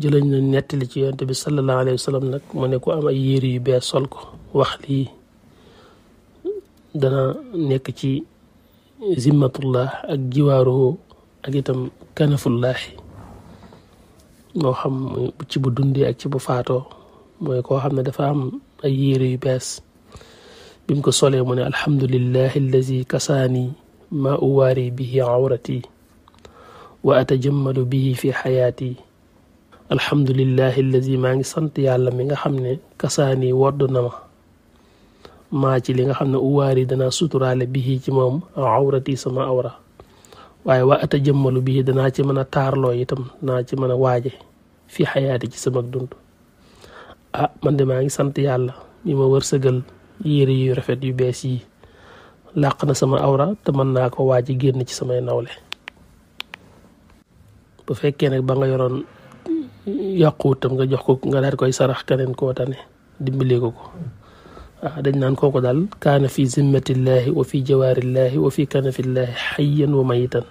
jëlañ na nettali ci yonent bi sol alayhi wa sallam nag mu ne am ay yére yu bees sol ko wax lii dana nekk ci zimmatullah ak jiwaaruhu ak itam kanafullahi moo xam ci bu dundee ak ci bu faatoo mooy xam ne dafa am ay yére yu bees bim ko solee mu ne alhamdulillahi allazi kasaani ma uwaari bihi awrati wa atajammalu bihi fi xayaati alhamdulillahi allazi maa ngi sant yàlla mi nga xam ne kasaani wodd na ma maa ci li nga xam ne uwaari dana suturaale bii ci moom awrati sama awra waaye waa ata jëmmalu bii danaa ci mën a taarloo itam danaa ci mën a waaje fii xayaati ci sama dund a ah, man de maa ngi sant yàlla mi ma war sëgal yére yu rafet yu bees yi làq na sama awra te mën naa ko waaji génn ci samay nawle bu fekkee nag ba nga yoroon yàquwutam nga jox ko nga daal koy sarax keneen koo tane dimbalee ko ko waaw dañ naan kooku daal kaana fi zimmatillahi wa fi jawarillahi wa fi kanafillaahi xayyan wa mayitan